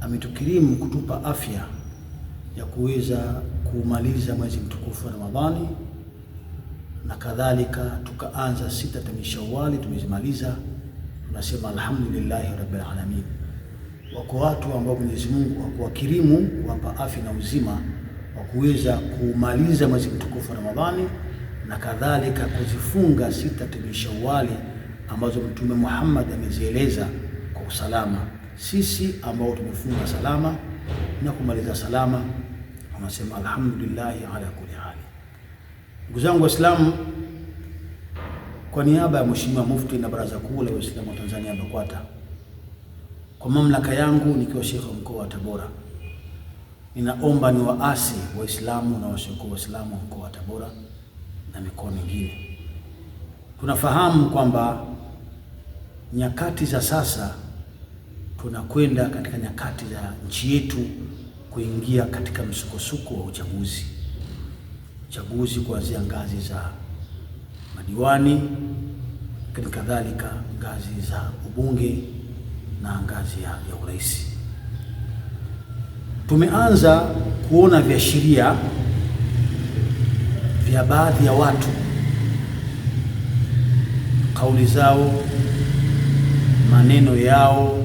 ametukirimu kutupa afya ya kuweza kumaliza mwezi mtukufu wa Ramadhani na kadhalika, tukaanza sita tani Shawali, tumezimaliza. Tunasema alhamdulillahi rabbil alamin. Wako watu ambao Mwenyezi Mungu hakuwakirimu kuwapa afya na uzima wa kuweza kumaliza mwezi mtukufu wa Ramadhani na kadhalika kuzifunga sita tani Shawali ambazo Mtume Muhammad amezieleza kwa usalama sisi ambao tumefunga salama na kumaliza salama, tunasema alhamdulillahi ala kulli hali. Ndugu zangu Waislamu, kwa niaba ya Mheshimiwa Mufti na Baraza Kuu la Waislamu wa Tanzania BAKWATA, kwa mamlaka yangu nikiwa Sheikh wa mkoa wa Tabora, ninaomba ni waasi Waislamu na washukuru Waislamu wa mkoa wa Tabora na mikoa mingine. Tunafahamu kwamba nyakati za sasa tunakwenda katika nyakati za nchi yetu kuingia katika msukosuko wa uchaguzi. Uchaguzi kuanzia ngazi za madiwani, lakini kadhalika ngazi za ubunge na ngazi ya, ya urais. Tumeanza kuona viashiria vya baadhi ya watu, kauli zao, maneno yao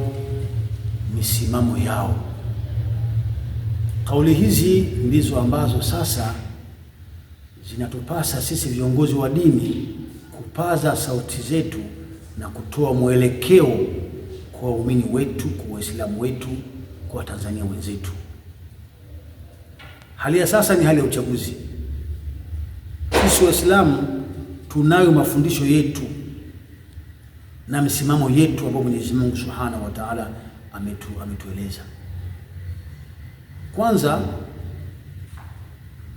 misimamo yao. Kauli hizi ndizo ambazo sasa zinatupasa sisi viongozi wa dini kupaza sauti zetu na kutoa mwelekeo kwa waumini wetu, kwa Waislamu wetu, kwa Watanzania wenzetu. Hali ya sasa ni hali ya uchaguzi. Sisi Waislamu tunayo mafundisho yetu na misimamo yetu ambayo Mwenyezi Mungu Subhanahu wa Ta'ala ametu, ametueleza. Kwanza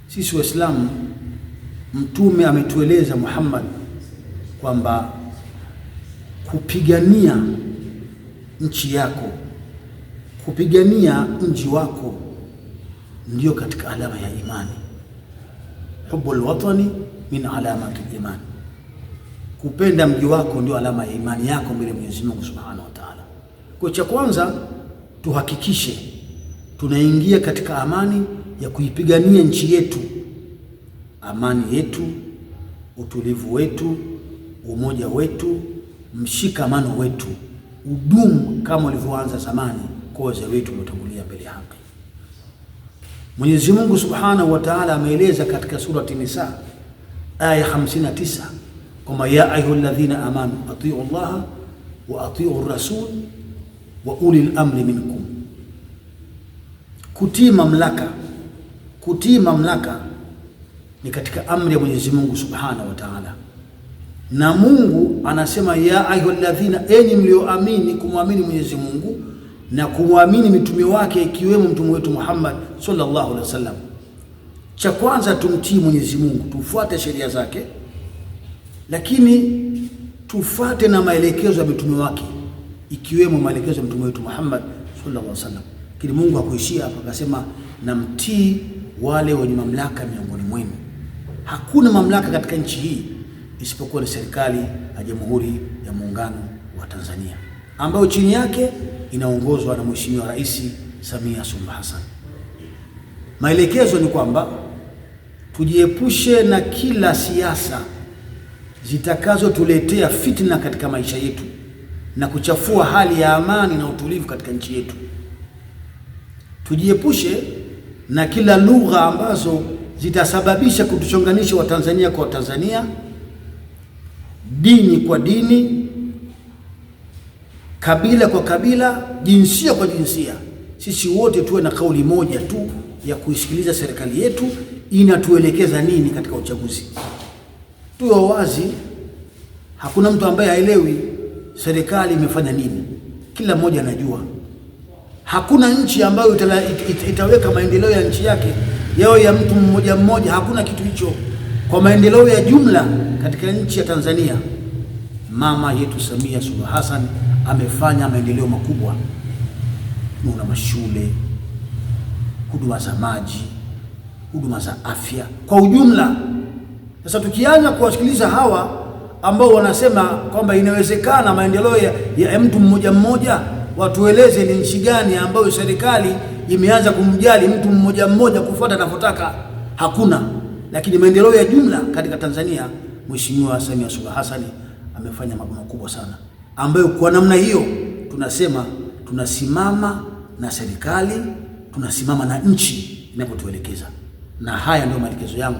sisi Waislamu, Mtume ametueleza Muhammad kwamba kupigania nchi yako, kupigania mji wako ndiyo katika alama ya imani. Hubbul watani min alamati imani, kupenda mji wako ndio alama ya imani yako mbele ya Mwenyezi Mungu Subhanahu wa Ta'ala. Kwa cha kwanza tuhakikishe tunaingia katika amani ya kuipigania nchi yetu, amani yetu, utulivu wetu, umoja wetu, mshikamano wetu udumu kama ulivyoanza zamani kwa wazee wetu waliotangulia mbele ya Mwenyezi Mungu Subhanahu wa Ta'ala ameeleza katika surati Nisa aya 59 kwamba ya ayuha alladhina amanu atiu llaha wa atiu rasul wa ulil amri minkum, kutii mamlaka. Kutii mamlaka ni katika amri ya Mwenyezi Mungu subhanahu wa taala, na Mungu anasema ya ayyuhalladhina, enyi mlioamini, kumwamini Mwenyezi Mungu na kumwamini mitume wake ikiwemo mtume wetu Muhammad sallallahu alaihi wasallam. Cha kwanza tumtii Mwenyezi Mungu, tufuate sheria zake, lakini tufuate na maelekezo ya mitume wake ikiwemo maelekezo ya mtume wetu Muhammad sallallahu alaihi wasallam. Lakini Mungu hakuishia hapo, akasema na mtii wale wenye mamlaka miongoni mwenu. Hakuna mamlaka katika nchi hii isipokuwa ni serikali ya Jamhuri ya Muungano wa Tanzania ambayo chini yake inaongozwa na Mheshimiwa Rais Samia Suluhu Hassan. Maelekezo ni kwamba tujiepushe na kila siasa zitakazotuletea fitna katika maisha yetu na kuchafua hali ya amani na utulivu katika nchi yetu. Tujiepushe na kila lugha ambazo zitasababisha kutuchonganisha Watanzania kwa Watanzania, dini kwa dini, kabila kwa kabila, jinsia kwa jinsia. Sisi wote tuwe na kauli moja tu ya kuisikiliza serikali yetu inatuelekeza nini katika uchaguzi. Tuwe wazi, hakuna mtu ambaye haelewi serikali imefanya nini, kila mmoja anajua. Hakuna nchi ambayo itala, it, it, itaweka maendeleo ya nchi yake yao ya mtu mmoja mmoja, hakuna kitu hicho. Kwa maendeleo ya jumla katika nchi ya Tanzania, mama yetu Samia Suluhu Hassan amefanya maendeleo makubwa. Tuna mashule, huduma za maji, huduma za afya kwa ujumla. Sasa tukianza kuwasikiliza hawa ambao wanasema kwamba inawezekana maendeleo ya, ya mtu mmoja mmoja, watueleze ni nchi gani ambayo serikali imeanza kumjali mtu mmoja mmoja kufuata anavyotaka? Hakuna. Lakini maendeleo ya jumla katika Tanzania, Mheshimiwa Samia Suluhu Hassan amefanya mambo makubwa sana, ambayo kwa namna hiyo tunasema tunasimama na serikali, tunasimama na nchi inapotuelekeza, na haya ndio maelekezo yangu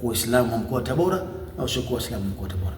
kwa Waislamu wa mkoa wa Tabora au sio kwa Waislamu wa mkoa wa Tabora.